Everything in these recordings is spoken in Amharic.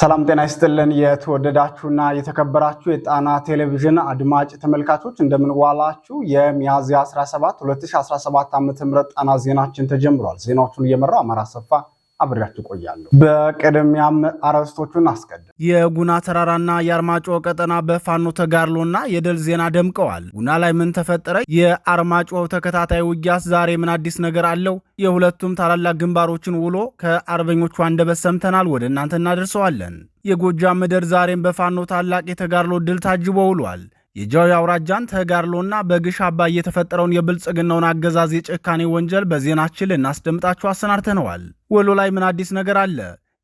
ሰላም ጤና ይስጥልን። የተወደዳችሁና የተከበራችሁ የጣና ቴሌቪዥን አድማጭ ተመልካቾች እንደምንዋላችሁ። የሚያዝያ 17 2017 ዓ ም ጣና ዜናችን ተጀምሯል። ዜናዎቹን እየመራው አማራ ሰፋ አብሬያችሁ ቆያለሁ። በቅድሚያም አርዕስቶቹን አስቀድም። የጉና ተራራና የአርማጮ ቀጠና በፋኖ ተጋድሎና የድል ዜና ደምቀዋል። ጉና ላይ ምን ተፈጠረ? የአርማጮ ተከታታይ ውጊያስ ዛሬ ምን አዲስ ነገር አለው? የሁለቱም ታላላቅ ግንባሮችን ውሎ ከአርበኞቹ አንደበት ሰምተናል፣ ወደ እናንተ እናደርሰዋለን። የጎጃም ምድር ዛሬም በፋኖ ታላቅ የተጋድሎ ድል ታጅቦ ውሏል። የጃዊ አውራጃን ተጋድሎና በግሽ አባይ የተፈጠረውን የብልጽግናውን አገዛዝ የጭካኔ ወንጀል በዜናችን ልናስደምጣችሁ አሰናድተነዋል። ወሎ ላይ ምን አዲስ ነገር አለ?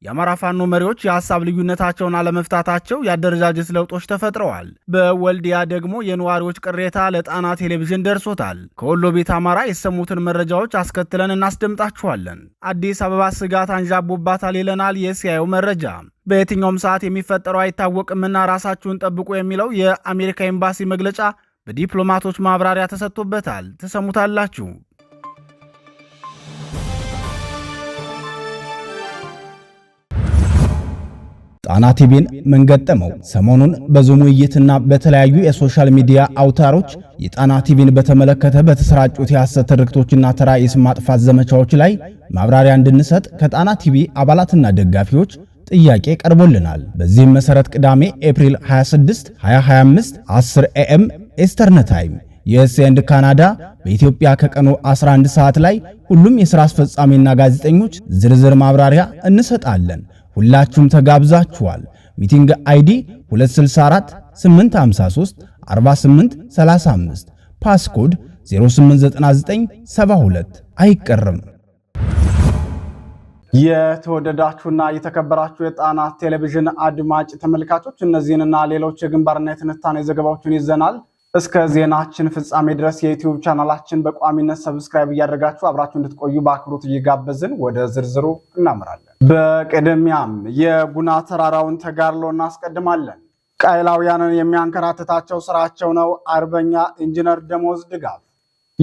የአማራ ፋኖ መሪዎች የሀሳብ ልዩነታቸውን አለመፍታታቸው የአደረጃጀት ለውጦች ተፈጥረዋል። በወልዲያ ደግሞ የነዋሪዎች ቅሬታ ለጣና ቴሌቪዥን ደርሶታል። ከወሎ ቤት አማራ የሰሙትን መረጃዎች አስከትለን እናስደምጣችኋለን። አዲስ አበባ ስጋት አንዣቦባታል ይለናል የሲያዩ መረጃ። በየትኛውም ሰዓት የሚፈጠረው አይታወቅምና ራሳችሁን ጠብቁ የሚለው የአሜሪካ ኤምባሲ መግለጫ በዲፕሎማቶች ማብራሪያ ተሰጥቶበታል። ትሰሙታላችሁ። ጣና ቲቪን ምን ገጠመው? ሰሞኑን በዙም ውይይትና በተለያዩ የሶሻል ሚዲያ አውታሮች የጣና ቲቪን በተመለከተ በተሰራጩት የሐሰት ትርክቶችና ተራ የስም ማጥፋት ዘመቻዎች ላይ ማብራሪያ እንድንሰጥ ከጣና ቲቪ አባላትና ደጋፊዎች ጥያቄ ቀርቦልናል። በዚህም መሰረት ቅዳሜ ኤፕሪል 26 2025 10 ኤኤም ኢስተርን ታይም ዩኤስ ካናዳ በኢትዮጵያ ከቀኑ 11 ሰዓት ላይ ሁሉም የሥራ አስፈጻሚና ጋዜጠኞች ዝርዝር ማብራሪያ እንሰጣለን። ሁላችሁም ተጋብዛችኋል። ሚቲንግ አይዲ 264 853 48 35 ፓስኮድ 089972 አይቀርም። የተወደዳችሁና የተከበራችሁ የጣና ቴሌቪዥን አድማጭ ተመልካቾች እነዚህንና ሌሎች የግንባርና የትንታኔ ዘገባዎችን ይዘናል። እስከ ዜናችን ፍጻሜ ድረስ የዩትዩብ ቻናላችን በቋሚነት ሰብስክራይብ እያደረጋችሁ አብራችሁ እንድትቆዩ በአክብሮት እየጋበዝን ወደ ዝርዝሩ እናምራለን። በቅድሚያም የቡና ተራራውን ተጋድሎ እናስቀድማለን። ቀይላውያንን የሚያንከራትታቸው ስራቸው ነው። አርበኛ ኢንጂነር ደሞዝ ድጋፍ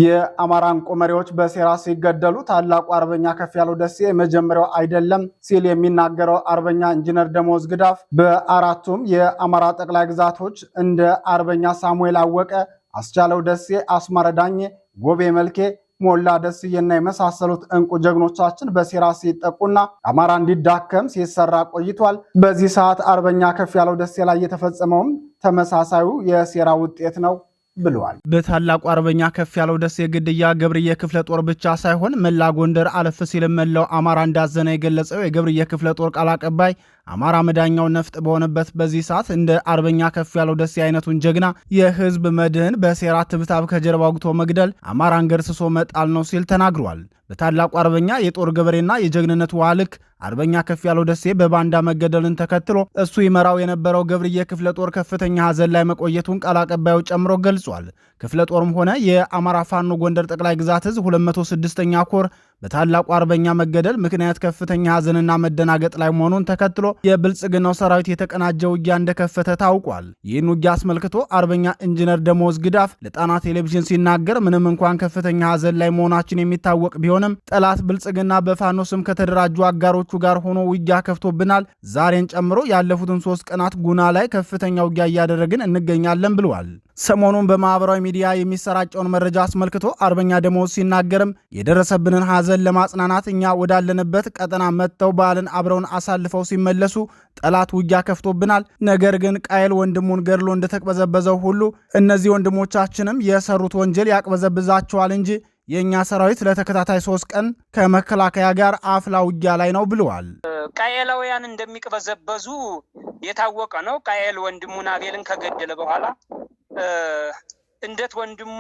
የአማራ እንቁ መሪዎች በሴራ ሲገደሉ ታላቁ አርበኛ ከፍ ያለው ደሴ የመጀመሪያው አይደለም ሲል የሚናገረው አርበኛ ኢንጂነር ደሞዝ ግዳፍ በአራቱም የአማራ ጠቅላይ ግዛቶች እንደ አርበኛ ሳሙኤል አወቀ፣ አስቻለው ደሴ፣ አስማረ ዳኜ፣ ጎቤ መልኬ ሞላ ደስዬና የመሳሰሉት እንቁ ጀግኖቻችን በሴራ ሲጠቁና አማራ እንዲዳከም ሲሰራ ቆይቷል። በዚህ ሰዓት አርበኛ ከፍ ያለው ደሴ ላይ የተፈጸመውም ተመሳሳዩ የሴራ ውጤት ነው። ብለዋል። በታላቁ አርበኛ ከፍ ያለው ደሴ ግድያ ገብርዬ ክፍለ ጦር ብቻ ሳይሆን መላ ጎንደር አለፍ ሲል መላው አማራ እንዳዘነ የገለጸው የገብርዬ ክፍለ ጦር ቃል አቀባይ አማራ መዳኛው ነፍጥ በሆነበት በዚህ ሰዓት እንደ አርበኛ ከፍ ያለው ደሴ አይነቱን ጀግና የህዝብ መድህን በሴራ ትብታብ ከጀርባ አውግቶ መግደል አማራን ገርስሶ መጣል ነው ሲል ተናግሯል። በታላቁ አርበኛ የጦር ገበሬና የጀግንነት ዋልክ አርበኛ ከፍ ያለው ደሴ በባንዳ መገደልን ተከትሎ እሱ ይመራው የነበረው ገብርዬ ክፍለ ጦር ከፍተኛ ሐዘን ላይ መቆየቱን ቃል አቀባዩ ጨምሮ ገልጿል። ክፍለ ጦርም ሆነ የአማራ ፋኖ ጎንደር ጠቅላይ ግዛት እዝ 206ኛ ኮር በታላቁ አርበኛ መገደል ምክንያት ከፍተኛ ሐዘንና መደናገጥ ላይ መሆኑን ተከትሎ የብልጽግናው ሰራዊት የተቀናጀ ውጊያ እንደከፈተ ታውቋል። ይህን ውጊያ አስመልክቶ አርበኛ ኢንጂነር ደሞዝ ግዳፍ ለጣና ቴሌቪዥን ሲናገር ምንም እንኳን ከፍተኛ ሐዘን ላይ መሆናችን የሚታወቅ ቢሆንም ጠላት ብልጽግና በፋኖ ስም ከተደራጁ አጋሮቹ ጋር ሆኖ ውጊያ ከፍቶብናል። ዛሬን ጨምሮ ያለፉትን ሶስት ቀናት ጉና ላይ ከፍተኛ ውጊያ እያደረግን እንገኛለን ብለዋል። ሰሞኑን በማኅበራዊ ሚዲያ የሚሰራጨውን መረጃ አስመልክቶ አርበኛ ደመወዝ ሲናገርም የደረሰብንን ሐዘን ለማጽናናት እኛ ወዳለንበት ቀጠና መጥተው በዓልን አብረውን አሳልፈው ሲመለሱ ጠላት ውጊያ ከፍቶብናል። ነገር ግን ቃየል ወንድሙን ገድሎ እንደተቅበዘበዘው ሁሉ እነዚህ ወንድሞቻችንም የሰሩት ወንጀል ያቅበዘብዛቸዋል እንጂ የእኛ ሰራዊት ለተከታታይ ሶስት ቀን ከመከላከያ ጋር አፍላ ውጊያ ላይ ነው ብለዋል። ቃኤላውያን እንደሚቅበዘበዙ የታወቀ ነው። ቃኤል ወንድሙን አቤልን ከገደለ በኋላ እንዴት ወንድሙ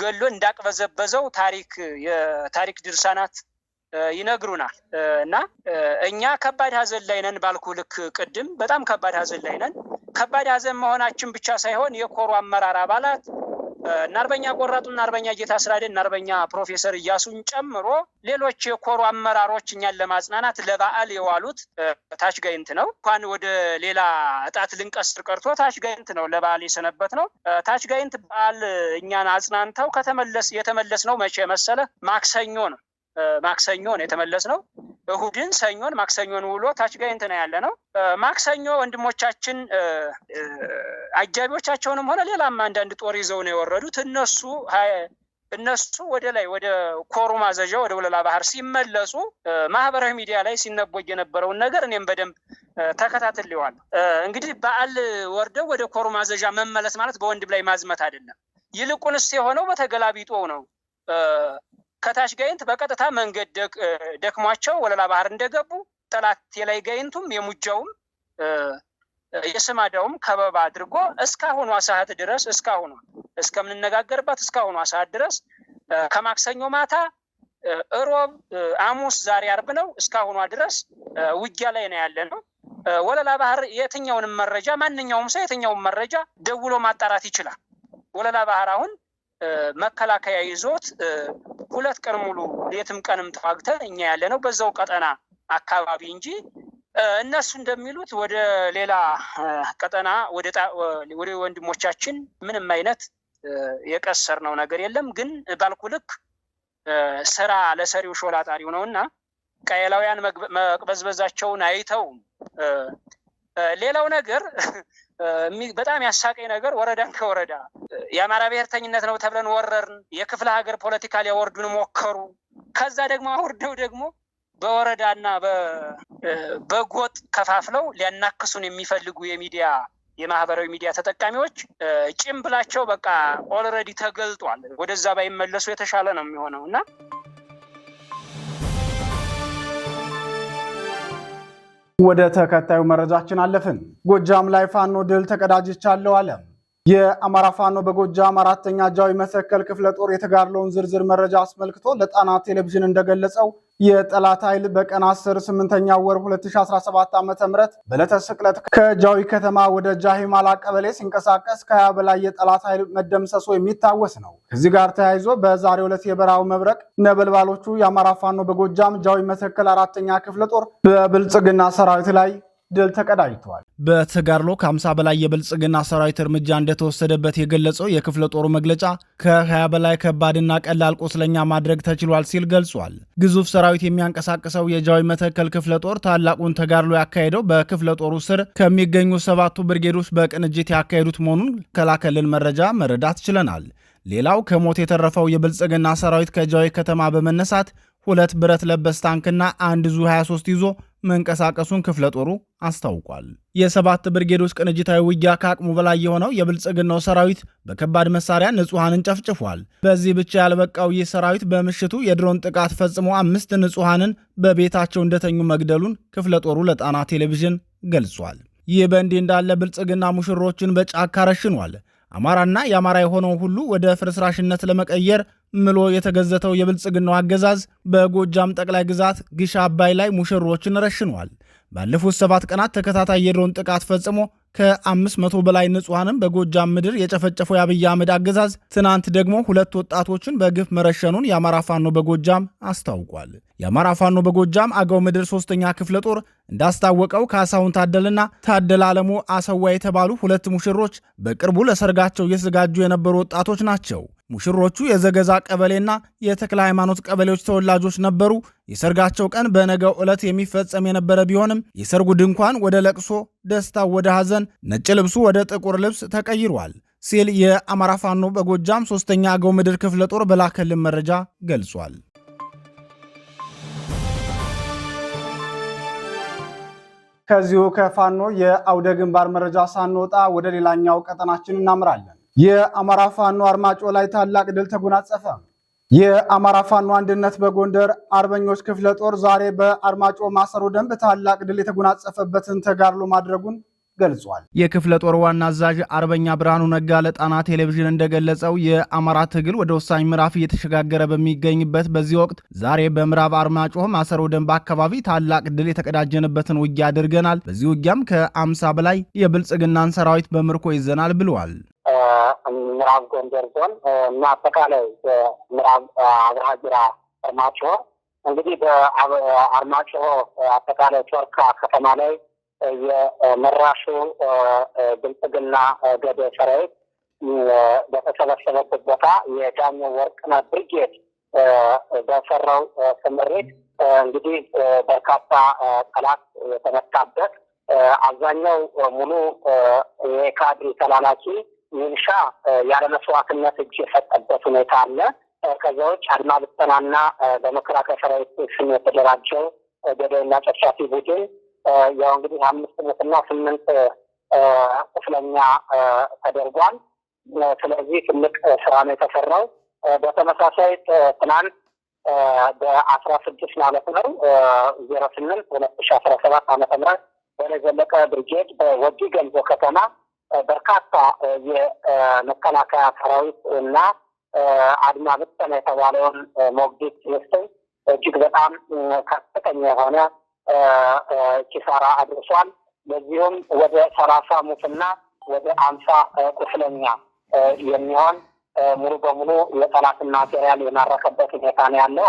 ገሎ እንዳቅበዘበዘው ታሪክ የታሪክ ድርሳናት ይነግሩናል እና እኛ ከባድ ሀዘን ላይ ነን ባልኩ ልክ ቅድም በጣም ከባድ ሀዘን ላይ ነን። ከባድ ሀዘን መሆናችን ብቻ ሳይሆን የኮሩ አመራር አባላት እናርበኛ አርበኛ ቆራጡ እና ጌታ ስራዴ፣ እናርበኛ ፕሮፌሰር እያሱን ጨምሮ ሌሎች የኮሩ አመራሮች እኛን ለማጽናናት ለበዓል የዋሉት ታችጋይንት ነው። እንኳን ወደ ሌላ እጣት ልንቀስር ቀርቶ ታችጋይንት ነው ለበዓል የሰነበት ነው። ታችጋይንት በዓል እኛን አጽናንተው ከተመለስ የተመለስ ነው መቼ መሰለ ማክሰኞ ነው ማክሰኞ ነው የተመለስ ነው። እሁድን፣ ሰኞን፣ ማክሰኞን ውሎ ታች ጋይንት ነው ያለ ነው። ማክሰኞ ወንድሞቻችን አጃቢዎቻቸውንም ሆነ ሌላም አንዳንድ ጦር ይዘው ነው የወረዱት እነሱ እነሱ ወደ ላይ ወደ ኮሩ ማዘዣ ወደ ወለላ ባህር ሲመለሱ ማህበራዊ ሚዲያ ላይ ሲነበጅ የነበረውን ነገር እኔም በደንብ ተከታትሌዋለሁ። እንግዲህ በዓል ወርደው ወደ ኮሩ ማዘዣ መመለስ ማለት በወንድም ላይ ማዝመት አይደለም። ይልቁንስ የሆነው በተገላቢጦ ነው። ከታች ጋይንት በቀጥታ መንገድ ደክሟቸው ወለላ ባህር እንደገቡ ጠላት የላይ ጋይንቱም የሙጃውም የስማዳውም ከበባ አድርጎ እስካሁኑ ሰዓት ድረስ እስካሁኗ እስከምንነጋገርበት እስካሁኑ ሰዓት ድረስ ከማክሰኞ ማታ እሮብ፣ አሙስ፣ ዛሬ አርብ ነው። እስካሁኗ ድረስ ውጊያ ላይ ነው ያለ ነው። ወለላ ባህር የትኛውንም መረጃ ማንኛውም ሰው የትኛውን መረጃ ደውሎ ማጣራት ይችላል። ወለላ ባህር አሁን መከላከያ ይዞት ሁለት ቀን ሙሉ ሌትም ቀንም ተዋግተን እኛ ያለ ነው በዛው ቀጠና አካባቢ እንጂ እነሱ እንደሚሉት ወደ ሌላ ቀጠና ወደ ወንድሞቻችን ምንም አይነት የቀሰር ነው ነገር የለም። ግን ባልኩ ልክ ስራ ለሰሪው ሾላ ጣሪው ነው እና ቀየላውያን መቅበዝበዛቸውን አይተው ሌላው ነገር በጣም ያሳቀኝ ነገር ወረዳን ከወረዳ የአማራ ብሔርተኝነት ነው ተብለን ወረርን። የክፍለ ሀገር ፖለቲካ ሊያወርዱን ሞከሩ። ከዛ ደግሞ አውርደው ደግሞ በወረዳና በጎጥ ከፋፍለው ሊያናክሱን የሚፈልጉ የሚዲያ የማህበራዊ ሚዲያ ተጠቃሚዎች ጭም ብላቸው በቃ ኦልሬዲ ተገልጧል። ወደዛ ባይመለሱ የተሻለ ነው የሚሆነው እና ወደ ተከታዩ መረጃችን አለፍን። ጎጃም ላይ ፋኖ ድል ተቀዳጅቻለሁ አለ። የአማራ ፋኖ በጎጃም አራተኛ ጃዊ መተከል ክፍለ ጦር የተጋድለውን ዝርዝር መረጃ አስመልክቶ ለጣና ቴሌቪዥን እንደገለጸው የጠላት ኃይል በቀን 10 8ኛ ወር 2017 ዓ ም በዕለተ ስቅለት ከጃዊ ከተማ ወደ ጃሂማላ ቀበሌ ሲንቀሳቀስ ከ20 በላይ የጠላት ኃይል መደምሰሶ የሚታወስ ነው። ከዚህ ጋር ተያይዞ በዛሬ ዕለት የበራው መብረቅ ነበልባሎቹ የአማራ ፋኖ በጎጃም ጃዊ መተከል አራተኛ ክፍለ ጦር በብልጽግና ሰራዊት ላይ ድል ተቀዳጅተዋል። በተጋድሎ ከ50 በላይ የብልጽግና ሰራዊት እርምጃ እንደተወሰደበት የገለጸው የክፍለ ጦሩ መግለጫ ከ20 በላይ ከባድና ቀላል ቁስለኛ ማድረግ ተችሏል ሲል ገልጿል። ግዙፍ ሰራዊት የሚያንቀሳቅሰው የጃዊ መተከል ክፍለ ጦር ታላቁን ተጋድሎ ያካሄደው በክፍለ ጦሩ ስር ከሚገኙ ሰባቱ ብርጌዶች በቅንጅት ያካሄዱት መሆኑን ከላከልን መረጃ መረዳት ችለናል። ሌላው ከሞት የተረፈው የብልጽግና ሰራዊት ከጃዊ ከተማ በመነሳት ሁለት ብረት ለበስ ታንክና አንድ ዙ 23 ይዞ መንቀሳቀሱን ክፍለ ጦሩ አስታውቋል። የሰባት ውስጥ ቅንጅታዊ ውጊያ ከአቅሙ በላይ የሆነው የብልጽግናው ሰራዊት በከባድ መሳሪያ ንጹሐንን ጨፍጭፏል። በዚህ ብቻ ያልበቃው ይህ ሰራዊት በምሽቱ የድሮን ጥቃት ፈጽሞ አምስት ንጹሐንን በቤታቸው እንደተኙ መግደሉን ክፍለ ጦሩ ለጣና ቴሌቪዥን ገልጿል። ይህ በእንዲህ እንዳለ ብልጽግና ሙሽሮችን በጫካ ረሽኗል። አማራና የአማራ የሆነው ሁሉ ወደ ፍርስራሽነት ለመቀየር ምሎ የተገዘተው የብልጽግናው አገዛዝ በጎጃም ጠቅላይ ግዛት ግሻ አባይ ላይ ሙሽሮችን ረሽኗል። ባለፉት ሰባት ቀናት ተከታታይ የድሮን ጥቃት ፈጽሞ ከ500 በላይ ንጹሐንም በጎጃም ምድር የጨፈጨፈው የአብይ አህመድ አገዛዝ ትናንት ደግሞ ሁለት ወጣቶችን በግፍ መረሸኑን የአማራ ፋኖ በጎጃም አስታውቋል። የአማራ ፋኖ በጎጃም አገው ምድር ሶስተኛ ክፍለ ጦር እንዳስታወቀው ካሳሁን ታደልና ታደል አለሙ አሰዋ የተባሉ ሁለት ሙሽሮች በቅርቡ ለሰርጋቸው እየተዘጋጁ የነበሩ ወጣቶች ናቸው። ሙሽሮቹ የዘገዛ ቀበሌና የተክለ ሃይማኖት ቀበሌዎች ተወላጆች ነበሩ። የሰርጋቸው ቀን በነገው ዕለት የሚፈጸም የነበረ ቢሆንም የሰርጉ ድንኳን ወደ ለቅሶ፣ ደስታው ወደ ሐዘን፣ ነጭ ልብሱ ወደ ጥቁር ልብስ ተቀይሯል ሲል የአማራ ፋኖ በጎጃም ሶስተኛ አገው ምድር ክፍለ ጦር በላከልን መረጃ ገልጿል። ከዚሁ ከፋኖ የአውደ ግንባር መረጃ ሳንወጣ ወደ ሌላኛው ቀጠናችን እናምራለን። የአማራ ፋኖ አርማጮ ላይ ታላቅ ድል ተጎናጸፈ። የአማራ ፋኖ አንድነት በጎንደር አርበኞች ክፍለ ጦር ዛሬ በአርማጮ ማሰሮ ደንብ ታላቅ ድል የተጎናጸፈበትን ተጋድሎ ማድረጉን ገልጿል። የክፍለ ጦር ዋና አዛዥ አርበኛ ብርሃኑ ነጋ ለጣና ቴሌቪዥን እንደገለጸው የአማራ ትግል ወደ ወሳኝ ምዕራፍ እየተሸጋገረ በሚገኝበት በዚህ ወቅት ዛሬ በምዕራብ አርማጮህ ማሰሮ ደንብ አካባቢ ታላቅ ድል የተቀዳጀንበትን ውጊያ አድርገናል። በዚህ ውጊያም ከአምሳ በላይ የብልጽግናን ሰራዊት በምርኮ ይዘናል ብለዋል። ምዕራብ ጎንደር ዞን እና አጠቃላይ አብርሃጅራ አርማጮሆ እንግዲህ በአርማጮሆ አጠቃላይ ቾርካ ከተማ ላይ የመራሹ ብልጽግና ገደ ሰራዊት በተሰበሰበበት ቦታ የዳኘው ወርቅነህ ብርጌድ በሰራው ስምሪት እንግዲህ በርካታ ጠላት የተመታበት አብዛኛው ሙሉ የካድሪ ተላላኪ ሚንሻ ያለመስዋዕትነት እጅ የሰጠበት ሁኔታ አለ። ከዛ ውጭ አድማ ብተናና በመከላከያ ሰራዊት ስም የተደራጀው ገደና ጨፍጫፊ ቡድን ያው እንግዲህ አምስት ምትና ስምንት ቁስለኛ ተደርጓል። ስለዚህ ትልቅ ስራ ነው የተሰራው። በተመሳሳይ ትናንት በአስራ ስድስት ማለት ነው ዜሮ ስምንት ሁለት ሺ አስራ ሰባት አመተ ምህረት በለዘለቀ ብርጌድ በወጊ ገንዞ ከተማ በርካታ የመከላከያ ሰራዊት እና አድማ ብተና የተባለውን ሞግዲት ውስጥ እጅግ በጣም ከፍተኛ የሆነ ኪሳራ አድርሷል። በዚሁም ወደ ሰላሳ ሙትና ወደ አምሳ ቁስለኛ የሚሆን ሙሉ በሙሉ የጠላትን ማቴሪያል የማረከበት ሁኔታ ነው ያለው።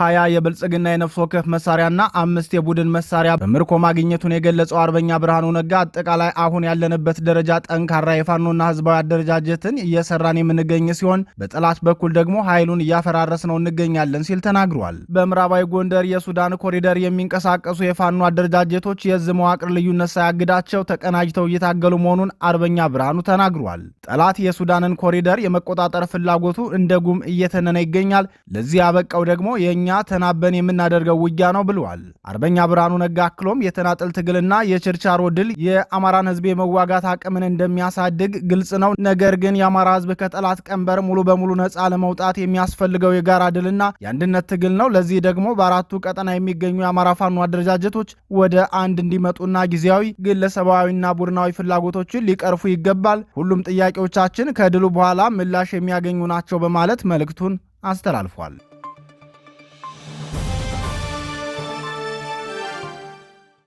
ሀያ የብልጽግና የነፍስ ወከፍ መሳሪያና አምስት የቡድን መሳሪያ በምርኮ ማግኘቱን የገለጸው አርበኛ ብርሃኑ ነጋ አጠቃላይ አሁን ያለንበት ደረጃ ጠንካራ የፋኖና ህዝባዊ አደረጃጀትን እየሰራን የምንገኝ ሲሆን በጠላት በኩል ደግሞ ኃይሉን እያፈራረስ ነው እንገኛለን ሲል ተናግሯል። በምዕራባዊ ጎንደር የሱዳን ኮሪደር የሚንቀሳቀሱ የፋኖ አደረጃጀቶች የዝ መዋቅር ልዩነት ሳያግዳቸው ተቀናጅተው እየታገሉ መሆኑን አርበኛ ብርሃኑ ተናግሯል። ጠላት የሱዳንን ኮሪደር የመቆጣጠር ፍላጎቱ እንደ ጉም እየተነነ ይገኛል። ለዚህ ያበቃው ደግሞ የእኛ እኛ ተናበን የምናደርገው ውጊያ ነው ብለዋል። አርበኛ ብርሃኑ ነጋ አክሎም የተናጠል ትግልና የችርቻሮ ድል የአማራን ህዝብ የመዋጋት አቅምን እንደሚያሳድግ ግልጽ ነው። ነገር ግን የአማራ ህዝብ ከጠላት ቀንበር ሙሉ በሙሉ ነፃ ለመውጣት የሚያስፈልገው የጋራ ድልና የአንድነት ትግል ነው። ለዚህ ደግሞ በአራቱ ቀጠና የሚገኙ የአማራ ፋኖ አደረጃጀቶች ወደ አንድ እንዲመጡና ጊዜያዊ ግለሰባዊና ቡድናዊ ፍላጎቶችን ሊቀርፉ ይገባል። ሁሉም ጥያቄዎቻችን ከድሉ በኋላ ምላሽ የሚያገኙ ናቸው በማለት መልእክቱን አስተላልፏል።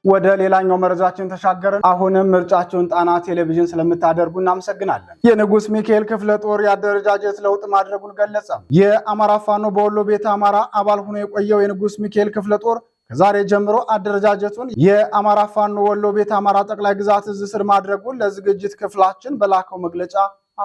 ወደ ሌላኛው መረጃችን ተሻገርን። አሁንም ምርጫቸውን ጣና ቴሌቪዥን ስለምታደርጉ እናመሰግናለን። የንጉስ ሚካኤል ክፍለ ጦር የአደረጃጀት ለውጥ ማድረጉን ገለጸ። የአማራ ፋኖ በወሎ ቤተ አማራ አባል ሆኖ የቆየው የንጉስ ሚካኤል ክፍለ ጦር ከዛሬ ጀምሮ አደረጃጀቱን የአማራ ፋኖ ወሎ ቤተ አማራ ጠቅላይ ግዛት እዝ ስር ማድረጉን ለዝግጅት ክፍላችን በላከው መግለጫ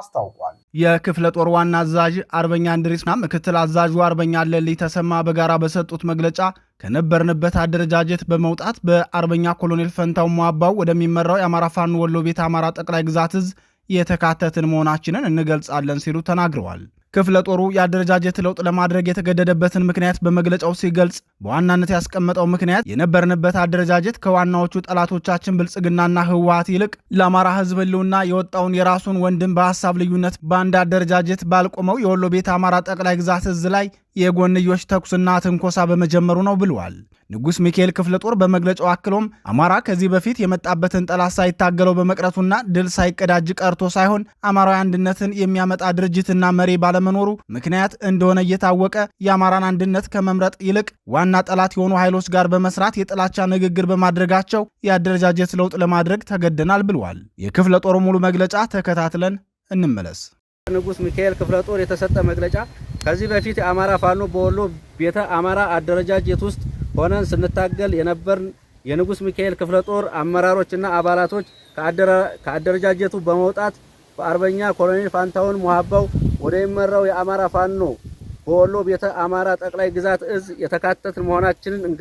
አስታውቋል። የክፍለ ጦር ዋና አዛዥ አርበኛ እንድሪስና ምክትል አዛዡ አርበኛ ለልይ ተሰማ በጋራ በሰጡት መግለጫ ከነበርንበት አደረጃጀት በመውጣት በአርበኛ ኮሎኔል ፈንታው ሟባው ወደሚመራው የአማራ ፋኖ ወሎ ቤት አማራ ጠቅላይ ግዛት እዝ የተካተትን መሆናችንን እንገልጻለን ሲሉ ተናግረዋል። ክፍለ ጦሩ የአደረጃጀት ለውጥ ለማድረግ የተገደደበትን ምክንያት በመግለጫው ሲገልጽ በዋናነት ያስቀመጠው ምክንያት የነበርንበት አደረጃጀት ከዋናዎቹ ጠላቶቻችን ብልጽግናና ህወሀት ይልቅ ለአማራ ህዝብ ህልውና የወጣውን የራሱን ወንድም በሀሳብ ልዩነት በአንድ አደረጃጀት ባልቆመው የወሎ ቤት አማራ ጠቅላይ ግዛት እዝ ላይ የጎንዮሽ ተኩስና ትንኮሳ በመጀመሩ ነው ብለዋል። ንጉሥ ሚካኤል ክፍለ ጦር በመግለጫው አክሎም አማራ ከዚህ በፊት የመጣበትን ጠላት ሳይታገለው በመቅረቱና ድል ሳይቀዳጅ ቀርቶ ሳይሆን አማራዊ አንድነትን የሚያመጣ ድርጅትና መሪ ባለመኖሩ ምክንያት እንደሆነ እየታወቀ የአማራን አንድነት ከመምረጥ ይልቅ ዋና ጠላት የሆኑ ኃይሎች ጋር በመስራት የጥላቻ ንግግር በማድረጋቸው የአደረጃጀት ለውጥ ለማድረግ ተገደናል ብለዋል። የክፍለ ጦሩ ሙሉ መግለጫ ተከታትለን እንመለስ። ንጉሥ ሚካኤል ክፍለ ጦር የተሰጠ መግለጫ ከዚህ በፊት የአማራ ፋኖ በወሎ ቤተ አማራ አደረጃጀት ውስጥ ሆነን ስንታገል የነበርን የንጉስ ሚካኤል ክፍለ ጦር አመራሮችና አባላቶች ከአደረጃጀቱ በመውጣት በአርበኛ ኮሎኔል ፋንታውን ሙሃባው ወደሚመራው የአማራ ፋኖ በወሎ ቤተ አማራ ጠቅላይ ግዛት እዝ የተካተትን መሆናችንን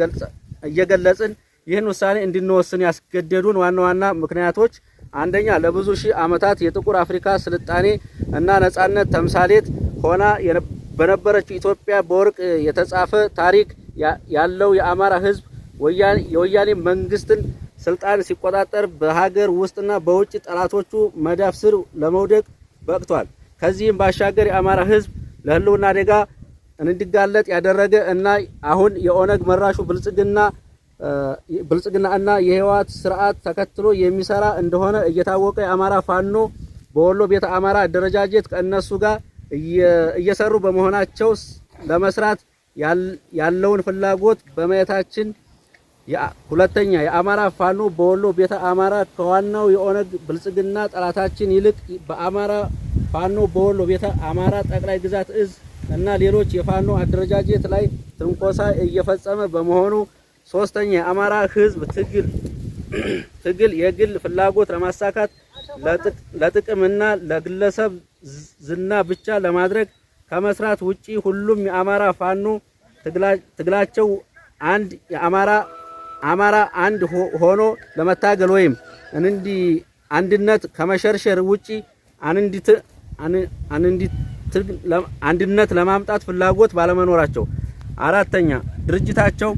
እየገለጽን ይህን ውሳኔ እንድንወስን ያስገደዱን ዋና ዋና ምክንያቶች አንደኛ ለብዙ ሺህ ዓመታት የጥቁር አፍሪካ ስልጣኔ እና ነጻነት ተምሳሌት ሆና በነበረችው ኢትዮጵያ በወርቅ የተጻፈ ታሪክ ያለው የአማራ ህዝብ የወያኔ መንግስትን ስልጣን ሲቆጣጠር በሀገር ውስጥና በውጭ ጠላቶቹ መዳፍ ስር ለመውደቅ በቅቷል። ከዚህም ባሻገር የአማራ ህዝብ ለህልውና አደጋ እንዲጋለጥ ያደረገ እና አሁን የኦነግ መራሹ ብልጽግና ብልጽግና እና የህወሓት ስርዓት ተከትሎ የሚሰራ እንደሆነ እየታወቀ የአማራ ፋኖ በወሎ ቤተ አማራ አደረጃጀት ከእነሱ ጋር እየሰሩ በመሆናቸው ለመስራት ያለውን ፍላጎት በማየታችን ሁለተኛ የአማራ ፋኖ በወሎ ቤተ አማራ ከዋናው የኦነግ ብልጽግና ጠላታችን ይልቅ በአማራ ፋኖ በወሎ ቤተ አማራ ጠቅላይ ግዛት እዝ እና ሌሎች የፋኖ አደረጃጀት ላይ ትንኮሳ እየፈጸመ በመሆኑ፣ ሶስተኛ የአማራ ህዝብ ትግል ትግል የግል ፍላጎት ለማሳካት ለጥቅምና ለግለሰብ ዝና ብቻ ለማድረግ ከመስራት ውጪ ሁሉም የአማራ ፋኖ ትግላቸው አንድ የአማራ አማራ አንድ ሆኖ ለመታገል ወይም እንዲ አንድነት ከመሸርሸር ውጪ አንድነት ለማምጣት ፍላጎት ባለመኖራቸው። አራተኛ ድርጅታቸው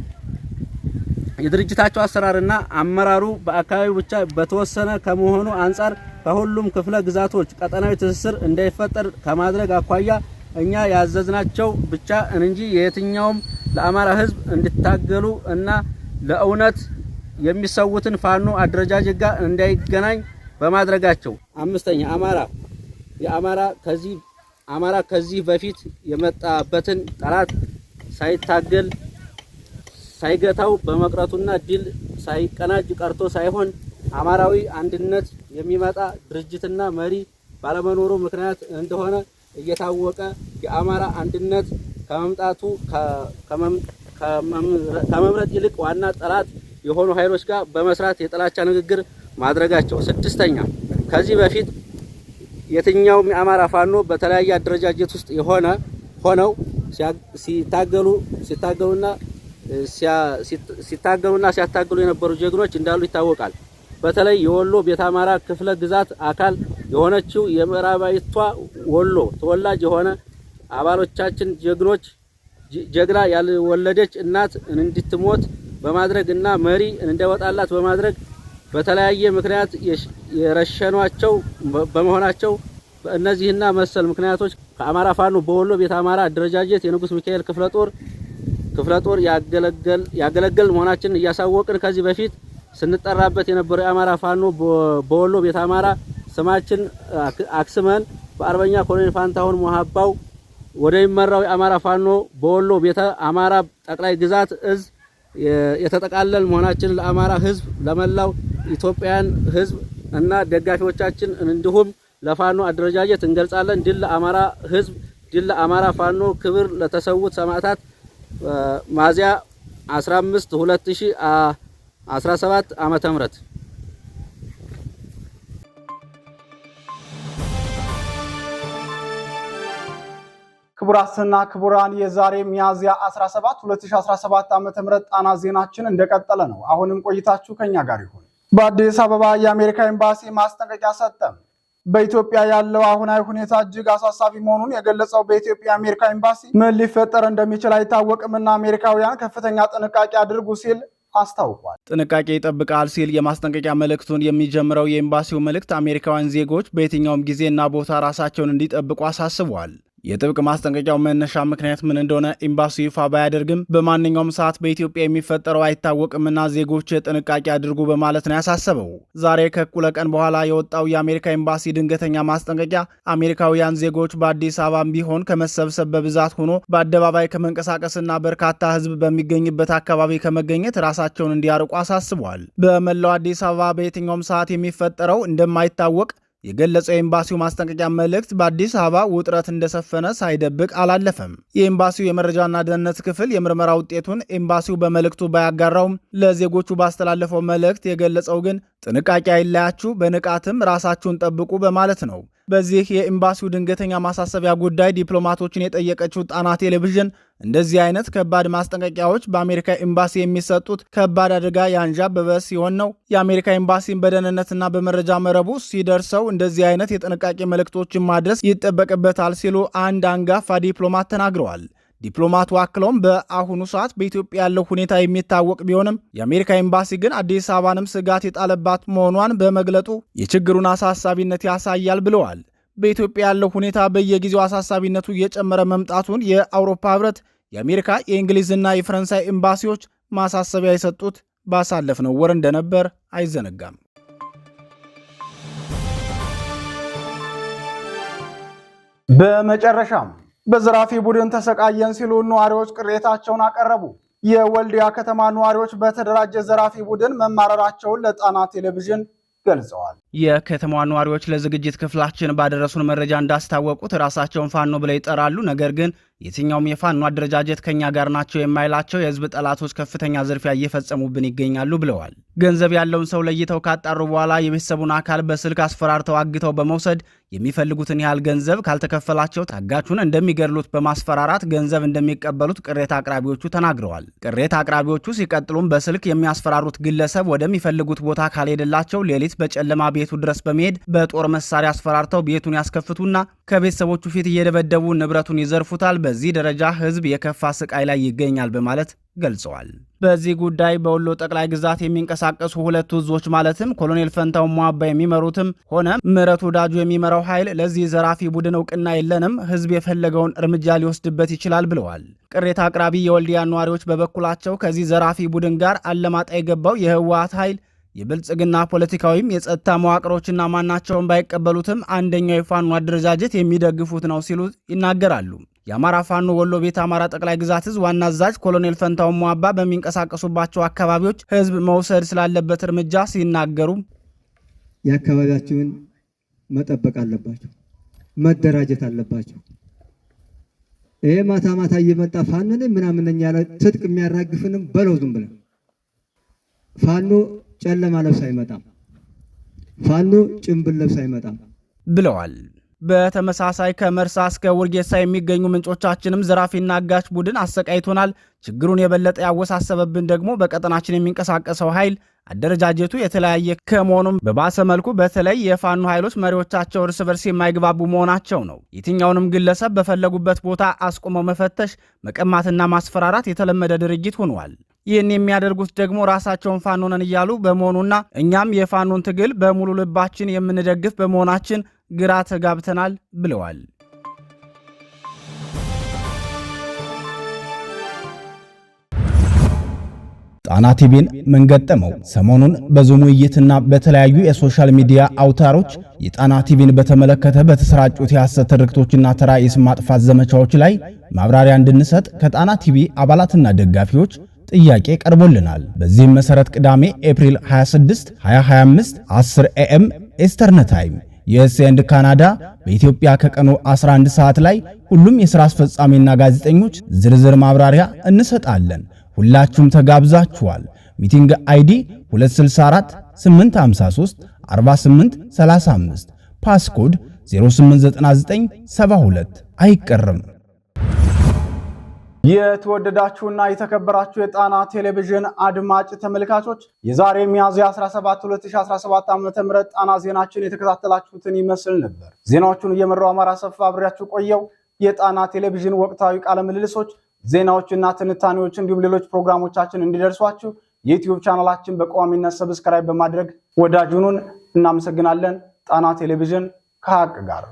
የድርጅታቸው አሰራርና አመራሩ በአካባቢው ብቻ በተወሰነ ከመሆኑ አንጻር ከሁሉም ክፍለ ግዛቶች ቀጠናዊ ትስስር እንዳይፈጠር ከማድረግ አኳያ እኛ ያዘዝናቸው ብቻ እንጂ የትኛውም ለአማራ ሕዝብ እንዲታገሉ እና ለእውነት የሚሰውትን ፋኖ አደረጃጀት ጋር እንዳይገናኝ በማድረጋቸው። አምስተኛ አማራ የአማራ ከዚህ አማራ ከዚህ በፊት የመጣበትን ጠላት ሳይታገል ሳይገታው በመቅረቱና ድል ሳይቀናጅ ቀርቶ ሳይሆን አማራዊ አንድነት የሚመጣ ድርጅትና መሪ ባለመኖሩ ምክንያት እንደሆነ እየታወቀ የአማራ አንድነት ከመምጣቱ ከመምረጥ ይልቅ ዋና ጠላት የሆኑ ኃይሎች ጋር በመስራት የጥላቻ ንግግር ማድረጋቸው። ስድስተኛ ከዚህ በፊት የትኛውም የአማራ ፋኖ በተለያየ አደረጃጀት ውስጥ የሆነ ሆነው ሲታገሉ ሲታገሉና ሲታገሉና ሲያታገሉ የነበሩ ጀግኖች እንዳሉ ይታወቃል። በተለይ የወሎ ቤተ አማራ ክፍለ ግዛት አካል የሆነችው የምዕራባዊቷ ወሎ ተወላጅ የሆነ አባሎቻችን ጀግኖች ጀግና ያልወለደች እናት እንድትሞት በማድረግ እና መሪ እንደወጣላት በማድረግ በተለያየ ምክንያት የረሸኗቸው በመሆናቸው በእነዚህና መሰል ምክንያቶች ከአማራ ፋኖ በወሎ ቤተ አማራ አደረጃጀት የንጉስ ሚካኤል ክፍለ ጦር ክፍለ ጦር ያገለገል መሆናችን እያሳወቅን ከዚህ በፊት ስንጠራበት የነበረው የአማራ ፋኖ በወሎ ቤት አማራ ስማችን አክስመን በአርበኛ ኮሎኔል ፋንታሁን መሀባው ወደሚመራው የአማራ ፋኖ በወሎ ቤተ አማራ ጠቅላይ ግዛት እዝ የተጠቃለል መሆናችን ለአማራ ሕዝብ ለመላው ኢትዮጵያን ሕዝብ እና ደጋፊዎቻችን እንዲሁም ለፋኖ አደረጃጀት እንገልጻለን። ድል ለአማራ ሕዝብ፣ ድል ለአማራ ፋኖ፣ ክብር ለተሰዉት ሰማዕታት። ማዚያ 15 2000 17 ዓመተ ምህረት ክቡራትና ክቡራን የዛሬ ሚያዝያ 17 2017 ዓ.ም ጣና ዜናችን እንደቀጠለ ነው። አሁንም ቆይታችሁ ከኛ ጋር ይሁን። በአዲስ አበባ የአሜሪካ ኤምባሲ ማስጠንቀቂያ ሰጠ። በኢትዮጵያ ያለው አሁናዊ ሁኔታ እጅግ አሳሳቢ መሆኑን የገለጸው በኢትዮጵያ አሜሪካ ኤምባሲ ምን ሊፈጠር እንደሚችል አይታወቅምና አሜሪካውያን ከፍተኛ ጥንቃቄ አድርጉ ሲል አስታውቋል። ጥንቃቄ ይጠብቃል ሲል የማስጠንቀቂያ መልእክቱን የሚጀምረው የኤምባሲው መልእክት አሜሪካውያን ዜጎች በየትኛውም ጊዜና ቦታ ራሳቸውን እንዲጠብቁ አሳስቧል። የጥብቅ ማስጠንቀቂያው መነሻ ምክንያት ምን እንደሆነ ኤምባሲ ይፋ ባያደርግም በማንኛውም ሰዓት በኢትዮጵያ የሚፈጠረው አይታወቅምና ዜጎች ጥንቃቄ አድርጉ በማለት ነው ያሳሰበው። ዛሬ ከእኩለ ቀን በኋላ የወጣው የአሜሪካ ኤምባሲ ድንገተኛ ማስጠንቀቂያ አሜሪካውያን ዜጎች በአዲስ አበባም ቢሆን ከመሰብሰብ በብዛት ሆኖ በአደባባይ ከመንቀሳቀስና በርካታ ሕዝብ በሚገኝበት አካባቢ ከመገኘት ራሳቸውን እንዲያርቁ አሳስቧል። በመላው አዲስ አበባ በየትኛውም ሰዓት የሚፈጠረው እንደማይታወቅ የገለጸው የኤምባሲው ማስጠንቀቂያ መልእክት በአዲስ አበባ ውጥረት እንደሰፈነ ሳይደብቅ አላለፈም። የኤምባሲው የመረጃና ደህንነት ክፍል የምርመራ ውጤቱን ኤምባሲው በመልእክቱ ባያጋራውም ለዜጎቹ ባስተላለፈው መልእክት የገለጸው ግን ጥንቃቄ አይለያችሁ፣ በንቃትም ራሳችሁን ጠብቁ በማለት ነው። በዚህ የኤምባሲው ድንገተኛ ማሳሰቢያ ጉዳይ ዲፕሎማቶችን የጠየቀችው ጣና ቴሌቪዥን እንደዚህ አይነት ከባድ ማስጠንቀቂያዎች በአሜሪካ ኤምባሲ የሚሰጡት ከባድ አደጋ ያንዣበበ ሲሆን ነው። የአሜሪካ ኤምባሲን በደህንነትና በመረጃ መረቡ ሲደርሰው እንደዚህ አይነት የጥንቃቄ መልእክቶችን ማድረስ ይጠበቅበታል ሲሉ አንድ አንጋፋ ዲፕሎማት ተናግረዋል። ዲፕሎማቱ አክለውም በአሁኑ ሰዓት በኢትዮጵያ ያለው ሁኔታ የሚታወቅ ቢሆንም የአሜሪካ ኤምባሲ ግን አዲስ አበባንም ስጋት የጣለባት መሆኗን በመግለጡ የችግሩን አሳሳቢነት ያሳያል ብለዋል። በኢትዮጵያ ያለው ሁኔታ በየጊዜው አሳሳቢነቱ እየጨመረ መምጣቱን የአውሮፓ ህብረት፣ የአሜሪካ፣ የእንግሊዝና የፈረንሳይ ኤምባሲዎች ማሳሰቢያ የሰጡት ባሳለፍነው ወር እንደነበር አይዘነጋም። በመጨረሻም በዘራፊ ቡድን ተሰቃየን ሲሉ ነዋሪዎች ቅሬታቸውን አቀረቡ። የወልዲያ ከተማ ነዋሪዎች በተደራጀ ዘራፊ ቡድን መማረራቸውን ለጣና ቴሌቪዥን ገልጸዋል። የከተማዋ ነዋሪዎች ለዝግጅት ክፍላችን ባደረሱን መረጃ እንዳስታወቁት ራሳቸውን ፋኖ ብለው ይጠራሉ። ነገር ግን የትኛውም የፋኖ አደረጃጀት ከኛ ጋር ናቸው የማይላቸው የህዝብ ጠላቶች ከፍተኛ ዝርፊያ እየፈጸሙብን ይገኛሉ ብለዋል። ገንዘብ ያለውን ሰው ለይተው ካጣሩ በኋላ የቤተሰቡን አካል በስልክ አስፈራርተው አግተው በመውሰድ የሚፈልጉትን ያህል ገንዘብ ካልተከፈላቸው ታጋቹን እንደሚገድሉት በማስፈራራት ገንዘብ እንደሚቀበሉት ቅሬታ አቅራቢዎቹ ተናግረዋል። ቅሬታ አቅራቢዎቹ ሲቀጥሉም በስልክ የሚያስፈራሩት ግለሰብ ወደሚፈልጉት ቦታ ካልሄደላቸው ሌሊት በጨለማ ቤት ቤቱ ድረስ በመሄድ በጦር መሳሪያ አስፈራርተው ቤቱን ያስከፍቱና ከቤተሰቦቹ ፊት እየደበደቡ ንብረቱን ይዘርፉታል። በዚህ ደረጃ ህዝብ የከፋ ስቃይ ላይ ይገኛል በማለት ገልጸዋል። በዚህ ጉዳይ በወሎ ጠቅላይ ግዛት የሚንቀሳቀሱ ሁለቱ እዞች ማለትም ኮሎኔል ፈንታው ሟባ የሚመሩትም ሆነ ምረቱ ዳጁ የሚመራው ኃይል ለዚህ ዘራፊ ቡድን እውቅና የለንም፣ ህዝብ የፈለገውን እርምጃ ሊወስድበት ይችላል ብለዋል። ቅሬታ አቅራቢ የወልዲያ ነዋሪዎች በበኩላቸው ከዚህ ዘራፊ ቡድን ጋር አለማጣ የገባው የህወሓት ኃይል የብልጽግና ፖለቲካዊም የጸጥታ መዋቅሮችና ማናቸውን ባይቀበሉትም አንደኛው የፋኖ አደረጃጀት የሚደግፉት ነው ሲሉ ይናገራሉ። የአማራ ፋኖ ወሎ ቤት አማራ ጠቅላይ ግዛት እዝ ዋና አዛዥ ኮሎኔል ፈንታውን ሟባ በሚንቀሳቀሱባቸው አካባቢዎች ህዝብ መውሰድ ስላለበት እርምጃ ሲናገሩ የአካባቢያችሁን መጠበቅ አለባቸው፣ መደራጀት አለባቸው። ይህ ማታ ማታ እየመጣ ፋኖን ምናምን ያለ ትጥቅ የሚያራግፍንም በለው ዝም ብለን ፋኖ ጨለማ ለብስ አይመጣም፣ ፋኖ ጭንብል ለብስ አይመጣም ብለዋል። በተመሳሳይ ከመርሳ እስከ ውርጌሳ የሚገኙ ምንጮቻችንም ዘራፊና አጋች ቡድን አሰቃይቶናል፣ ችግሩን የበለጠ ያወሳሰበብን ደግሞ በቀጠናችን የሚንቀሳቀሰው ኃይል አደረጃጀቱ የተለያየ ከመሆኑም በባሰ መልኩ በተለይ የፋኖ ኃይሎች መሪዎቻቸው እርስ በርስ የማይግባቡ መሆናቸው ነው። የትኛውንም ግለሰብ በፈለጉበት ቦታ አስቆመው መፈተሽ፣ መቀማትና ማስፈራራት የተለመደ ድርጊት ሆኗል። ይህን የሚያደርጉት ደግሞ ራሳቸውን ፋኖነን እያሉ በመሆኑና እኛም የፋኖን ትግል በሙሉ ልባችን የምንደግፍ በመሆናችን ግራ ተጋብተናል ብለዋል። ጣና ቲቪን ምን ገጠመው? ሰሞኑን በዙም ውይይትና በተለያዩ የሶሻል ሚዲያ አውታሮች የጣና ቲቪን በተመለከተ በተሰራጩት የሐሰት ትርክቶችና ተራ የስም ማጥፋት ዘመቻዎች ላይ ማብራሪያ እንድንሰጥ ከጣና ቲቪ አባላትና ደጋፊዎች ጥያቄ ቀርቦልናል። በዚህም መሰረት ቅዳሜ ኤፕሪል 26 2025 10 ኤኤም ኤስተርን ታይም ዩኤስ ኤንድ ካናዳ በኢትዮጵያ ከቀኑ 11 ሰዓት ላይ ሁሉም የሥራ አስፈጻሚና ጋዜጠኞች ዝርዝር ማብራሪያ እንሰጣለን። ሁላችሁም ተጋብዛችኋል። ሚቲንግ አይዲ 264 853 48 35 ፓስኮድ 089972 አይቀርም። የተወደዳችሁና የተከበራችሁ የጣና ቴሌቪዥን አድማጭ ተመልካቾች የዛሬ ሚያዝያ 17 2017 ዓ ም ጣና ዜናችን የተከታተላችሁትን ይመስል ነበር። ዜናዎቹን እየመራው አማራ ሰፋ አብሬያችሁ ቆየው። የጣና ቴሌቪዥን ወቅታዊ ቃለ ምልልሶች፣ ዜናዎችና ትንታኔዎች እንዲሁም ሌሎች ፕሮግራሞቻችን እንዲደርሷችሁ የዩትዩብ ቻናላችን በቋሚነት ሰብስክራይብ በማድረግ ወዳጅኑን እናመሰግናለን። ጣና ቴሌቪዥን ከሀቅ ጋር